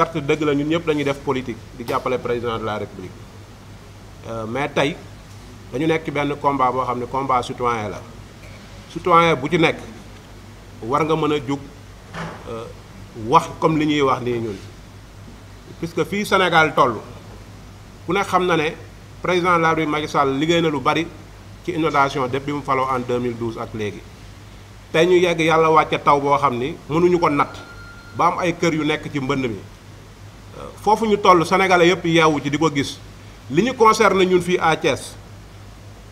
certes dëgg la ñun ñëpp dañuy def politique di jàppale président de la république euh, mais tey dañu nekk ci benn combat boo xam ne combat citoyen la citoyen bu ci nekk war nga mën a jug euh, wax comme li ñuy wax nii ñun puisque fii Sénégal toll ku ne xam na ne président de la République Macky Sall liggéey na lu bari ci inondation depuis mu faloo en 2012 ak léegi tey ñu yegg yàlla wàcce taw boo xam ni mënuñu ko natt ba am ay kër yu nekk ci mbënd mi fofu ñu toll sénégalais yépp yaawu ci di ko gis li ñu concerne ñun fii à Thiès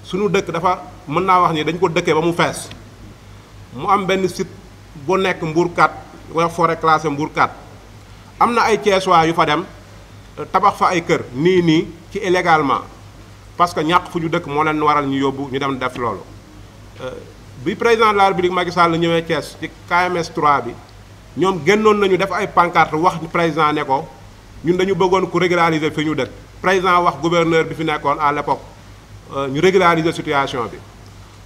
suñu dëkk dafa mën naa wax ni dañ ko dëkkee ba mu fees mu am benn site bu nekk Mbour 4 wa forêt classé Mbour 4 am na ay Thiessois yu fa dem tabax fa ay kër nii nii ci illégalement parce que ñàkk fu ñu dëkk moo leen waral ñu yóbbu ñu dem def loolu euh, bi président de la république Macky Sall ñëwee Thiès ci KMS 3 bi ñoom génnoon nañu def ay pancarte wax président ne ko ñun dañu bëggoon ku régulariser fi ñu def président wax gouverneur bi fi nekkoon à l'époque euh, ñu régulariser situation bi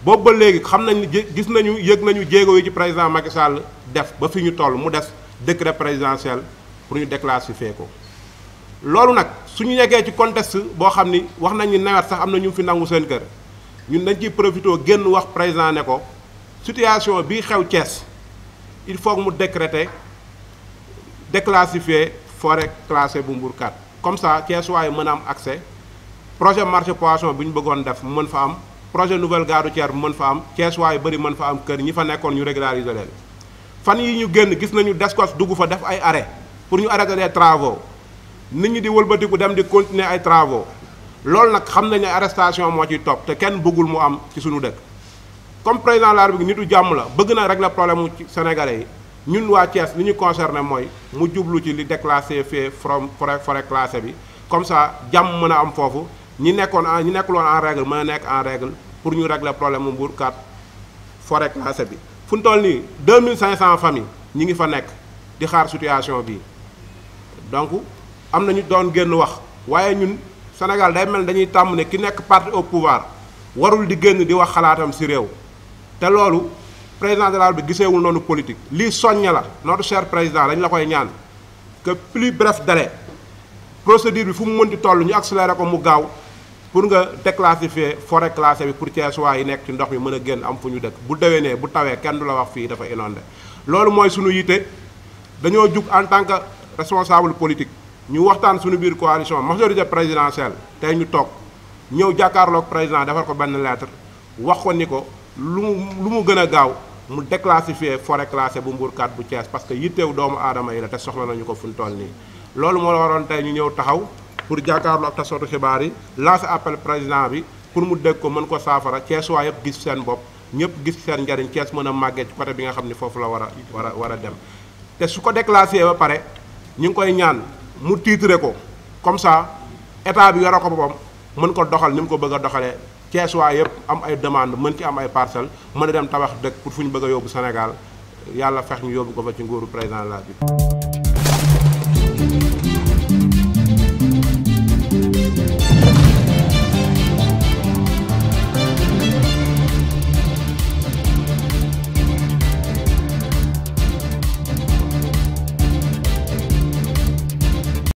boobu ba léegi xam nañ gis nañu yëg nañu jéego yi ci président Macky Sall def ba fi ñu toll mu des décret présidentiel pour ñu déclassifier ko loolu nag suñu nekkee ci contexte boo xam ni wax nañ ni nawet sax am na ñu fi nangu seen kër ñun dañ ci profité génn wax président ne ko situation bii xew cees il faut mu décréter déclassifier forêt classée bu Mbourkat comme ça Thiessois yi mën am accès projet marché poisson bu ñu def mën fa am projet nouvelle gare routière mon fa am Thiessois yi bëri mon fa am kër ñi fa nekkoon ñu régulariser leen fan yi ñu génn gis nañu DSCOS dugg fa def ay arrêt pour ñu arrêter les travaux nit ñi di wëlbatiku dem di continuer ay travaux loolu nag xam nañ ne arrestation moo ciy top, te ken bëggul mu am ci suñu dëkk comme président de la République nitu jàmm la bëgg na régler problème sénégalais ñun waa Thiès li ñu concerné mooy mu djublu ci li déclassé fait from forêt classée bi comme ça jàmm mën am fofu ñi nekkoon ñi nekkuloon en règle mën a nekk en règle pour ñu régler problème mbour Mbourkat forêt classée bi fu ñu toll nii 2500 familles ñi ngi fa nekk di xaar situation bi donc amna ñu doon génn wax waye ñun Sénégal day mel dañuy tàmm ne ki nekk parti au pouvoir warul di génn di wax xalaatam ci réew té loolu président de la République bi giseewul politique li soñña la notre cher président dañ la koy ñaan que plus bref délai procédure bi fu mu mënti toll ñu accélérer ko mu gaaw pour nga déclassifier forêt classée bi pour Thiessois yi nekk ci ndox mi mëna a am fu ñu dëkk bu déwénee bu tawé kenn du la wax fi dafa inondé loolu mooy suñu yité dañoo jug en tant que responsable politique ñu waxtaan suñu biir coalition majorité présidentielle tey ñu toog ñëw jàkkaarloog président defar ko benn lettre wax ko ni ko lu mu lu mu gën a gaaw mu déclassifier forêt classée bu Mbourkat bu Thiès parce que yitteew doomu aadama yi la te soxla nañu ko fu ñu toll nii. loolu moo la waroon tey ñu ñëw taxaw pour jàkkaarloo ak tasootu xibaar yi lancer appel président bi pour mu dégg ko mën ko saafara Thiès waa yëpp gis seen bopp ñëpp gis seen njariñ Thiès mën a màggee ci côté bi nga xam ni foofu la war a war a war a dem. te su ko déclassé ba pare ñu ngi koy ñaan mu tiitre ko comme ça état bi yore ko boppam mën ko doxal ni mu ko bëgg a doxalee. Cees waa yëpp am ay demande mën ci am ay parcelles mën a dem tabax dëkk pour fu ñu bëgg yóbbu Sénégal yàlla fex ñu yóbbu ko fa ci nguuru président laa la